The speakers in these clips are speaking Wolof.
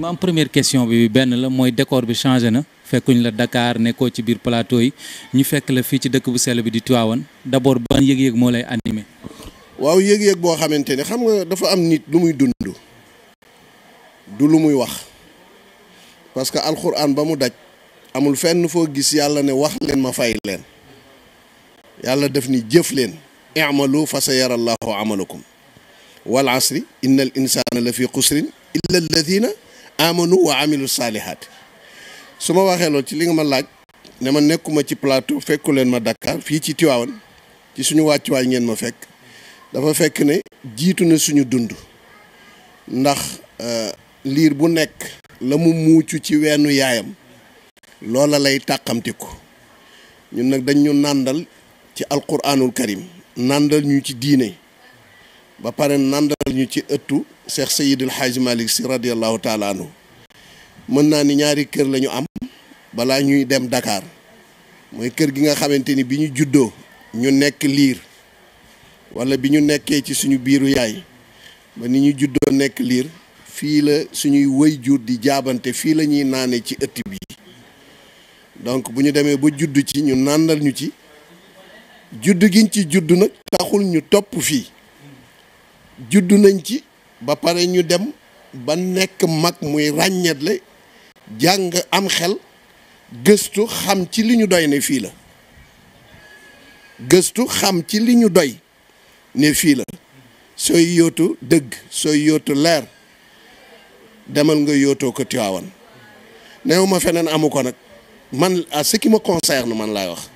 ma am première question bi benn la mooy décor bi changé na fekkuñ la Dakar nekkoo ci biir plateau yi ñu fekk la fii ci dëkk bu sell bi di Tivaouane d'abord ban yëg-yëg moo lay animé. waaw yëg-yëg boo xamante ne xam nga dafa am nit lu muy dund du lu muy wax parce que alxuraan ba mu daj amul fenn foo gis yàlla ne wax leen ma fay leen yàlla def ni jëf leen i'malu fa sayara allahu wal asri innal insana la fi xusrin illa alladina amanu wa amilu saalihaat su ma waxee loolu ci li nga ma laaj ne ma nekkuma ci plateau fekku leen ma Dakar fii ci Tiwaawan ci suñu wàccuwaay ngeen ma fekk dafa fekk ne jiitu na suñu dund ndax euh, liir bu nekk la mu muucu ci weenu yaayam loola lay tàqamtiku ñun nag dañ nàndal ci alquraanul karim nàndal ñu ci diine ba pare nàndal ñu ci ëttu Cheikh Seydil Hadji Malick si radiallahu taala anhu mën naa ni ñaari kër lañu am balaa ñuy dem dakaar mooy kër gi nga xamante ni bi ñu juddoo ñu nekk liir wala bi ñu nekkee ci suñu biiru yaay ba ni ñu juddoo nekk liir fii la suñuy wëy jur di jaabante fii la ñuy naane ci ëtt bi donc bu ñu demee ba judd ci ñu nàndal ñu ci judd giñ ci juddu nag taxul ñu topp fii judd nañ ci ba pare ñu dem ba nekk mag muy ràññetle jàng am xel gëstu xam ci li ñu doy ne fii la gëstu xam ci li ñu doy ne fii la sooy yootu dëgg sooy yootu leer demal nga yootoo ko Tiwaawan néew ma feneen amu ko nag man à ce qui man laay wax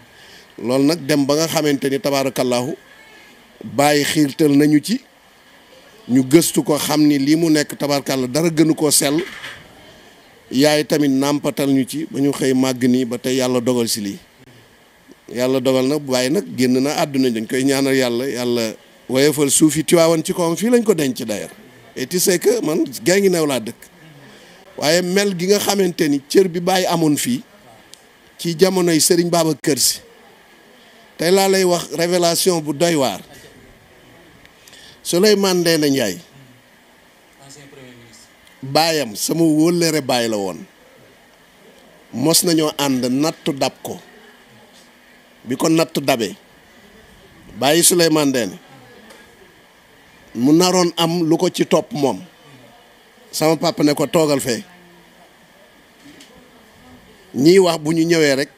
loolu nag dem ba nga xamante ni tabaarakallaahu bàyyi xiirtal nañu ci ñu gëstu ko xam ni lii mu nekk la dara gënu koo sel yaay tamit nàmpatal ñu ci ba ñu xëy màgg nii ba tey yàlla dogal si lii yàlla dogal na waaye nag génn na àdduna dañ koy ñaanal yàlla yàlla woyofal suuf yi tiwaawan ci kawam fii lañ ko denc d'ailleurs et tu man gay ngi new laa dëkk waaye mel gi nga xamante ni cër bi bàyyi amoon fii ci jamonoy Serigne Babacar Sy tey laa lay wax révélation bu doy waar Souleymane Ndéné Ndiaye ancien baayam sama wóllëre baay la woon mos nañoo ànd nattu dab ko bi ko nattu dabe bàyyi Souleymane Ndéné mu naroon am lu ko ci topp moom sama papa ne ko toogal fee ñiy wax bu ñu ñëwee rek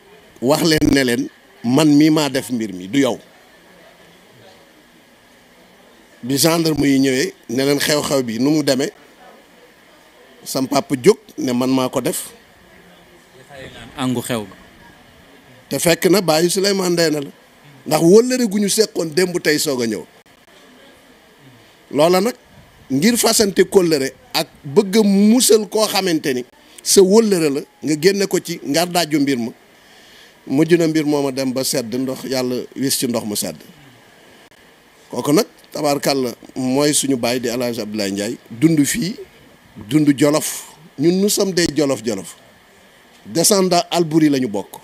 wax leen ne leen man mii maa def mbir mi du yow bi gendarme yi ñëwee ne xew-xew bi nu mu demee sam papa jóg ne man maa ko def. angu xew bi. te fekk na bàyyi Souleymane Ndéné la ndax wëllëre gu ñu seqoon démb tey soog a ñëw loola nag ngir fasante kóllëre ak bëgg a musal koo xamante ni sa wëllëre la nga génne ko ci ngar daaju mbir ma mujj na mbir mooma dem ba sedd ndox yàlla wis ci ndox mu sedd kooku nag tabaarkàlla mooy suñu baay di El Hadj Abdoulaye Ndiaye dund fii dundu jolof ñun nous sommes jolof jolof descendant Albouri lañu bokk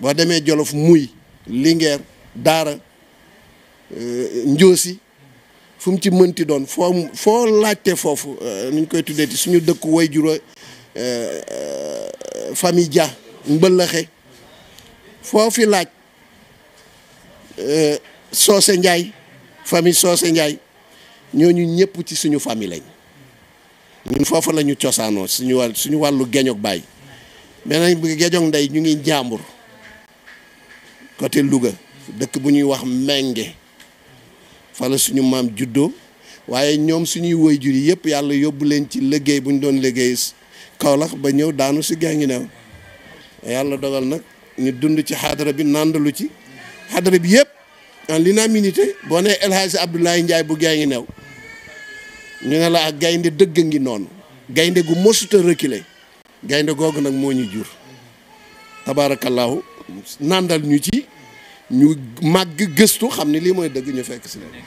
boo demee jolof muy Linguère Daara euh, Njoosi fu mu ci mënti doon foo foo laajte foofu euh, nu ñu koy tuddee ci suñu dëkku woy juró euh, famille Dia mbëllaxe foo fi laaj soose Ndiaye famille Socé Ndiaye ñooñu ñëpp ci suñu famille lañ ñun foofu lañu cosaanoo suñu wàll suñu wàllu geñoog baay mais nag geñoog ndey ñu ngi njàmbur côté Louga dëkk bu ñuy wax Mengue fa suñu maam juddoo waaye ñoom suñuy waajur yi yëpp yàlla yóbbu leen ci liggéey bu ñu doon liggéey Kaolack ba ñëw daanu si Guinguinéo yàlla dogal nag ñu dund ci xaadara bi nàndalu ci xaadara bi yëpp. en l'unanimité boo nee El Hadj Abdoulaye Ndiaye bu gaay ngi new ñu ne la ak gaynde dëgg ngi noonu gaynde gu mosuta reculer gaynde googu nag moo ñu jur tabaarakallaahu nàndal ñu ci ñu màgg gëstu xam ne lii mooy dëgg ñu fekk si leen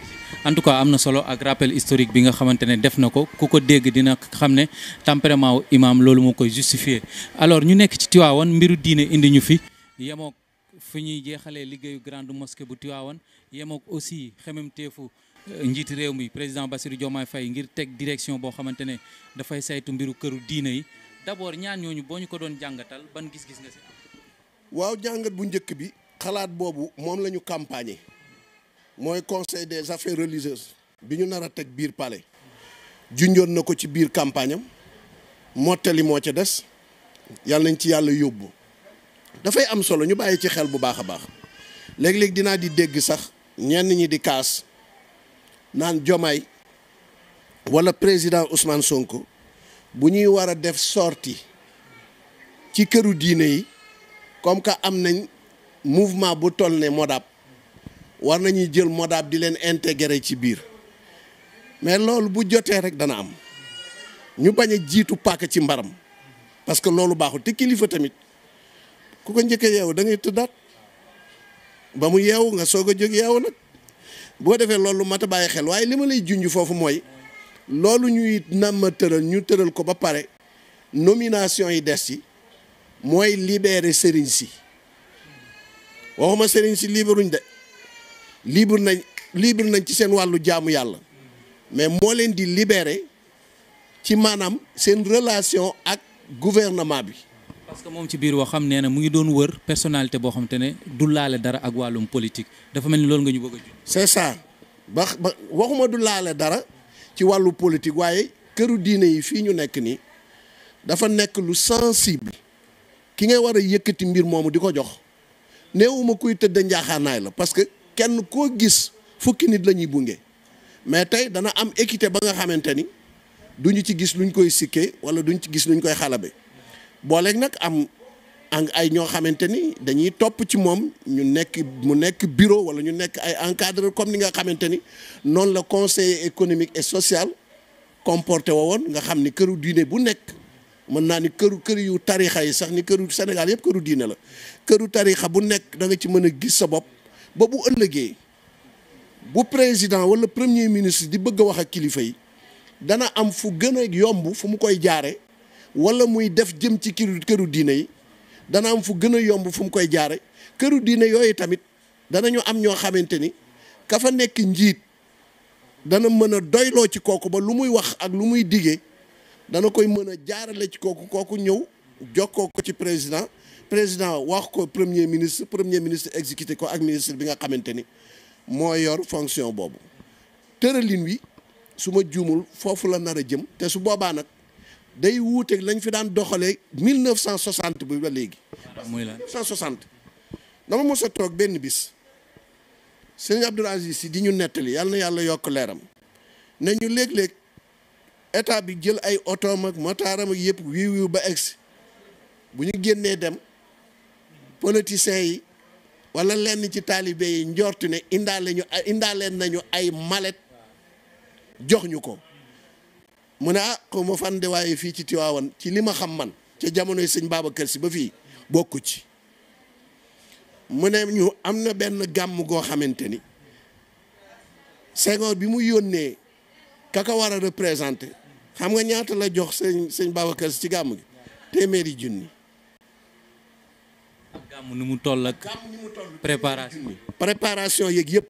en tout cas am na solo ak rappel historique bi nga xamante ne def na ko ku ko dégg dina xam ne tempérament wu imaam loolu moo koy justifier alors ñu nekk ci Tiwaawan mbiru diine indi ñu fi yemoo fi ñuy jeexalee liggéeyu grande mosquée bu Tiwaawan yem ak aussi xemem teefu euh, njiiti réew mi président Bassirou Diomaye fay ngir teg direction boo xamante ne dafay saytu mbiru këru diine yi d'abord ñaan ñooñu boo ñu ko doon jàngatal ban gis-gis nga si waaw jàngat bu njëkk bi xalaat boobu moom la ñu campagne mooy conseil des affaires religieuses bi ñu nar a teg biir pale junjoon na ko ci biir campagne am mottali moo ca des yàlla nañ ci yàlla yóbbu dafay am solo ñu bàyyi ci xel bu baax a baax léeg-léeg dinaa di dégg sax ñenn ñi di kaas naan Jomaay wala président Ousmane Sonko bu ñuy war a def sorti ci këru diine yi comme que am nañ mouvement bu toll ne Modab war nañuy jël Modab di leen intégrer ci biir mais loolu bu jotee rek dana am ñu bañ a jiitu pàkk ci mbaram parce que loolu baaxul te kilifa tamit. ku ko njëkk yeewu da ngay tëddaat ba mu yeewu nga soog a jóg yeewu nag boo defee loolu mat a bàyyi xel waaye li ma lay junj foofu mooy loolu ñuy nàmma tëral ñu tëral ko ba pare nomination yi des ci mooy libérer sëriñ si waxuma sëriñ si libéruñ de libre nañ libre nañ ci seen wàllu jaamu yàlla mais moo leen di libere ci maanaam seen relation ak gouvernement bi parce que moom ci biir wax xam nee na mu ngi doon wër personnalité boo xam te ne du laale dara ak wàllum politique dafa mel ni loolu nga ñu bëgg a. c'est ça ba ba waxuma du laale dara ci wàllu politique waaye këru diine yi fii ñu nekk nii dafa nekk lu sensible ki ngay war a yëkkati mbir moomu di ko jox néewuma kuy tëdd njaaxaanaay la parce que kenn koo gis fukki nit la ñuy bunge mais tey dana am équité ba nga xamante ni duñu ci gis luñ koy sikkee wala duñ ci gis luñ koy xalabe. booleeg nag am ang ay ñoo xamante ni dañuy topp ci moom ñu nekk mu nekk bureau wala ñu nekk ay encadreur comme ni nga xamante ni noonu la conseil économique et social comporté woon nga xam ni këru diine bu nekk mën naa ni këru kër yu tarixa yi sax ni këru Sénégal yëpp këru diine la këru tarixa bu nekk da nga ci mën a gis sa bopp ba bu ëllëgee bu président wala premier ministre di bëgg a wax a kilifa yi dana am fu gën a yomb fu mu koy jaare wala muy def jëm ci këru këru diine yi dana am fu gën a yomb fu mu koy jaare këru diine yooyu tamit danañu am ñoo xamante ni ka fa nekk njiit dana mën a doyloo ci kooku ba lu muy wax ak lu muy digee dana koy mën a jaarale ci kooku kooku ñëw jokkoo ko ci président président wax ko premier ministre premier ministre exécuté ko ak ministre bi nga xamante ni moo yor fonction boobu tëralin wi su ma juumul foofu la nar a jëm te su boobaa nag day wuuteek lañ fi daan doxalee 1960 bi ba léegi. la 1960. dama mos a toog benn bis sëñ Abdoul Aziz si di ñu nettali yàlla na yàlla yokk leeram ne ñu léeg-léeg état bi jël ay otoom ak motaaram ak yëpp wiiw wiiw ba egsi bu ñu génnee dem politiciens yi wala lenn ci taalibe yi njortu ne indaale ñu indaaleen nañu ay malet jox ñu ko. mu ne ah xaw ma fan de waaye fii ci Tiwaawan ci li ma xam man ca jamonoy sëñ Babacar Si ba fii bokk ci mu ne ñu am na benn gàmm goo xamante ni Senghor bi mu yónnee ka ko war a représenté xam nga ñaata la jox sëñ sëñ Babacar ci gàmm gi téeméeri junni. gàmm ni mu toll ak. gàmm mu toll préparation. préparation yeeg yëpp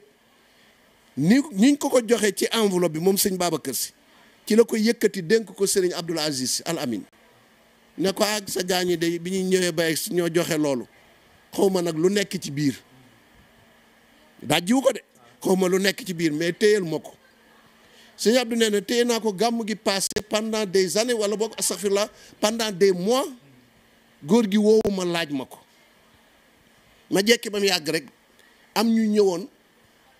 ni ñu ko ko joxe ci enveloppe bi moom sëñ Babacar Si. ci la ko yëkkati dénk ko Serigne Abdoul Aziz Al Amin ne ko ak ah sa gaañi de bi ñuy ñëwee bay ñoo joxe loolu xaw ma nag lu nekk ci biir dajjiwu ko de xaw ma lu nekk ci biir mais téyel ma ko Serigne Abdou nee na téye naa ko gàmm gi passé pendant des années wala boog astaghfirullah pendant des mois góor gi woowu ma laaj ma ko ma jekki ba mu yàgg rek am ñu ñëwoon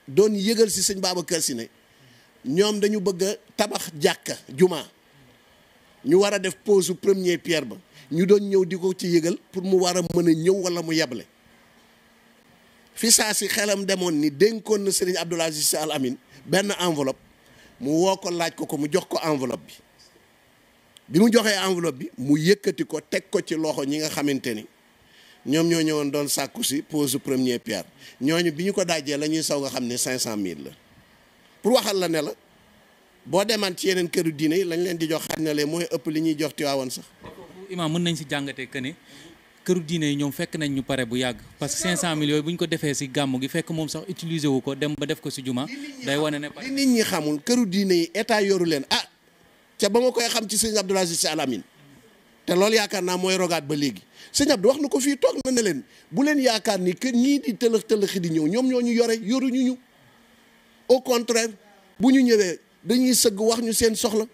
doon yëgal si sëñ Babacar Si ne ñoom dañu bëgg a tabax jàkka juma ñu war a def pose premier pierre ba ñu doon ñëw di ko ci yëgal pour mu war a mën ñëw wala mu yeble fi saa si xelam demoon ni dénkoon na Serigne Abdoul Aziz Sy Al amin benn enveloppe mu woo ko laaj ko ko mu jox ko enveloppe bi bi mu joxee enveloppe bi mu yëkkati ko teg ko ci loxo ñi nga xamante ni ñoom ñoo ñëwoon doon sàkku si pose premier pierre ñooñu bi ñu ko daajee la ñuy saw nga xam ne cinq cent mille la pour waxal la ne la boo demaan ci yeneen këru diine yi lañ leen di jox xaj na lee mooy ëpp li ñuy jox Tiwaawan sax. imaam mën nañ si jàngatee que këru diine yi ñoom fekk nañ ñu pare bu yàgg parce que 500 millions bu ñu ko defee si gàmm gi fekk moom sax utiliser ko dem ba def ko si juma. day wane ne ah, ba léegi sëñ Abdou wax na ko fii toog na ne leen bu leen yaakaar ni que ñii di tëlëx tëlëxi di ñëw ñoom ñoo ñu yore yoruñu ñu au contraire bu ñu ñëwee dañuy sëgg wax ñu seen soxla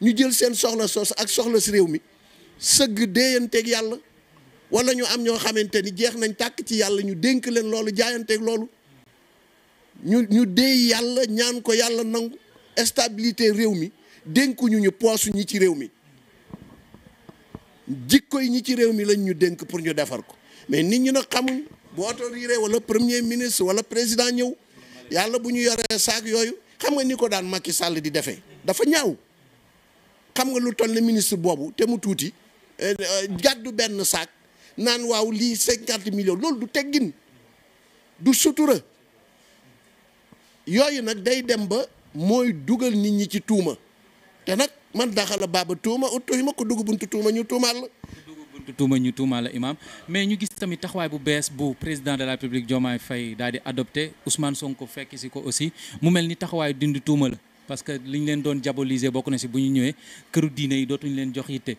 ñu jël seen soxla sos ak soxla si réew mi sëgg déeyanteeg yàlla wala ñu am ñoo xamante ni jeex nañ tàkk ci yàlla ñu dénk leen loolu jaayanteeg loolu ñu ñu déey yàlla ñaan ko yàlla nangu stabilité réew mi dénkuñu ñu poosu ñi ci réew mi jikko yi ñi ci réew mi lañ ñu dénk pour ñu defar ko mais nit ñi nag xamuñ boo autorité wala premier ministre wala président ñëw yàlla bu ñu yoree saak yooyu xam nga ni ko daan Macky sàll di defee dafa ñaaw xam nga lu toll ne ministre boobu te mu tuuti gàddu eh, eh, benn saak naan waaw lii cinquante millions loolu du teggin du sutura yooyu nag day dem ba mooy dugal nit ñi ci tuuma te nag man daxal daxala baaba tuuma ut ma ko dugg buntu tuuma ñu tuumaal tuuma ñu tuuma la imam mais ñu gis tamit taxawaay bu bees bu président de la République Diomaye Faye daal di adopté Ousmane Sonko fekk si ko aussi mu mel ni taxawaay dindi tuuma la parce que leen doon diaboliser bokk na si bu ñëwee këru diine yi dootuñu leen jox yitte